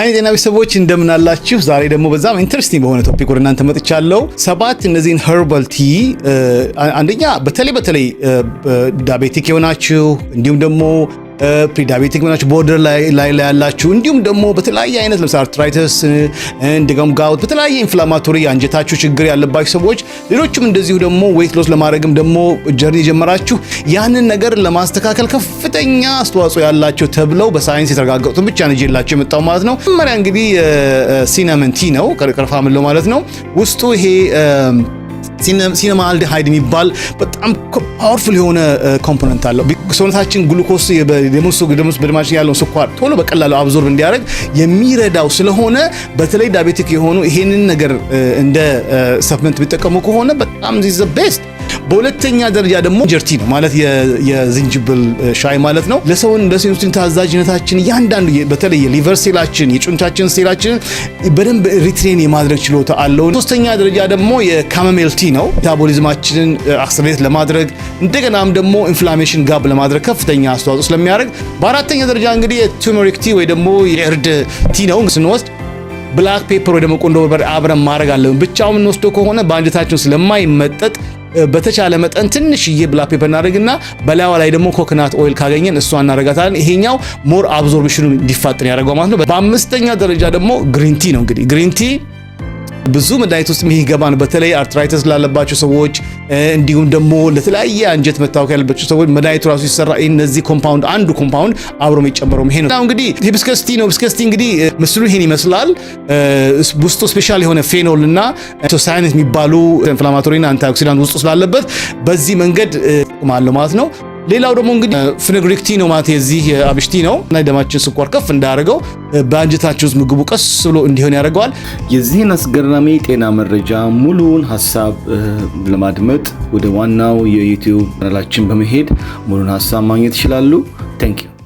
አይ ጤና ቤተሰቦች እንደምን አላችሁ? ዛሬ ደግሞ በዛም ኢንትረስቲንግ በሆነ ቶፒክ ወደ እናንተ መጥቻለሁ። ሰባት እነዚህን ኸርባል ቲ አንደኛ በተለይ በተለይ ዳቤቲክ የሆናችሁ እንዲሁም ደግሞ ፕሪዳቤቲክ መናችሁ ቦርደር ላይ ያላችሁ እንዲሁም ደግሞ በተለያየ አይነት ለምሳሌ አርትራይተስ እንደገም ጋውት በተለያየ ኢንፍላማቶሪ አንጀታችሁ ችግር ያለባችሁ ሰዎች፣ ሌሎችም እንደዚሁ ደግሞ ዌይት ሎስ ለማድረግም ደግሞ ጀርኒ የጀመራችሁ ያንን ነገር ለማስተካከል ከፍተኛ አስተዋጽኦ ያላቸው ተብለው በሳይንስ የተረጋገጡትን ብቻ ነው ይዤላቸው የመጣው ማለት ነው። መጀመሪያ እንግዲህ ሲናመን ነው፣ ቀረፋ ምለው ማለት ነው ውስጡ ይሄ ሃይድ የሚባል በጣም ፓወርፉል የሆነ ኮምፖነንት uh, አለው። ሰውነታችን ግሉኮስ በደማችን ያለውን ስኳር ቶሎ በቀላሉ አብዞርብ እንዲያደርግ የሚረዳው ስለሆነ በተለይ ዳቤቲክ የሆኑ ይሄንን ነገር uh, እንደ ሰፕመንት uh, ቢጠቀሙ ከሆነ በጣም ዚስ ዘ ቤስት በሁለተኛ ደረጃ ደግሞ ጀርቲ ነው ማለት የዝንጅብል ሻይ ማለት ነው። ለሰውን ለኢንሱሊን ታዛዥነታችን እያንዳንዱ በተለይ ሊቨር ሴላችን የጡንቻችን ሴላችን በደንብ ሪትሬን የማድረግ ችሎታ አለው። ሶስተኛ ደረጃ ደግሞ የካመሜልቲ ነው ሜታቦሊዝማችንን አክሰሌሬት ለማድረግ እንደገናም ደግሞ ኢንፍላሜሽን ጋብ ለማድረግ ከፍተኛ አስተዋጽኦ ስለሚያደርግ፣ በአራተኛ ደረጃ እንግዲህ የቱሜሪክ ቲ ወይ ደግሞ የእርድ ቲ ነው ስንወስድ ብላክ ፔፐር ወይ ደግሞ ቁንዶ በርበሬ አብረን ማድረግ አለብን። ብቻውን እንወስዶ ከሆነ በአንጀታችን ስለማይመጠጥ በተቻለ መጠን ትንሽዬ ብላክ ፔፐር እናደርግና በላይዋ ላይ ደግሞ ኮኮናት ኦይል ካገኘን እሷ እናደርጋታለን። ይሄኛው ሞር አብዞርብሽኑ እንዲፋጥን ያደርገው ማለት ነው። በአምስተኛ ደረጃ ደግሞ ግሪንቲ ነው። እንግዲህ ግሪንቲ ብዙ መድኃኒት ውስጥ ይህ ነው። በተለይ አርትራይተስ ላለባቸው ሰዎች እንዲሁም ደግሞ ለተለያየ አንጀት መታወክ ያለባቸው ሰዎች መድኃኒቱ ራሱ ይሰራ እነዚህ ኮምፓውንድ አንዱ ኮምፓውንድ አብሮ የሚጨመረው ይሄ ነው። እንግዲህ ሂቢስከስ ቲ ነው። ሂቢስከስ ቲ እንግዲህ ምስሉ ይሄን ይመስላል። ውስጡ ስፔሻል የሆነ ፌኖል እና ሳይነት የሚባሉ ኢንፍላማቶሪና አንታኦክሲዳንት ውስጡ ስላለበት በዚህ መንገድ ጥቅም አለው ማለት ነው። ሌላው ደግሞ እንግዲህ ፍንግሪክቲኖ ማለት የዚህ አብሽቲ ነው እና የደማችን ስኳር ከፍ እንዳደረገው በአንጀታችን ውስጥ ምግቡ ቀስ ብሎ እንዲሆን ያደርገዋል። የዚህን አስገራሚ ጤና መረጃ ሙሉውን ሀሳብ ለማድመጥ ወደ ዋናው የዩቲዩብ ቻናላችን በመሄድ ሙሉን ሀሳብ ማግኘት ይችላሉ። ታንኪዩ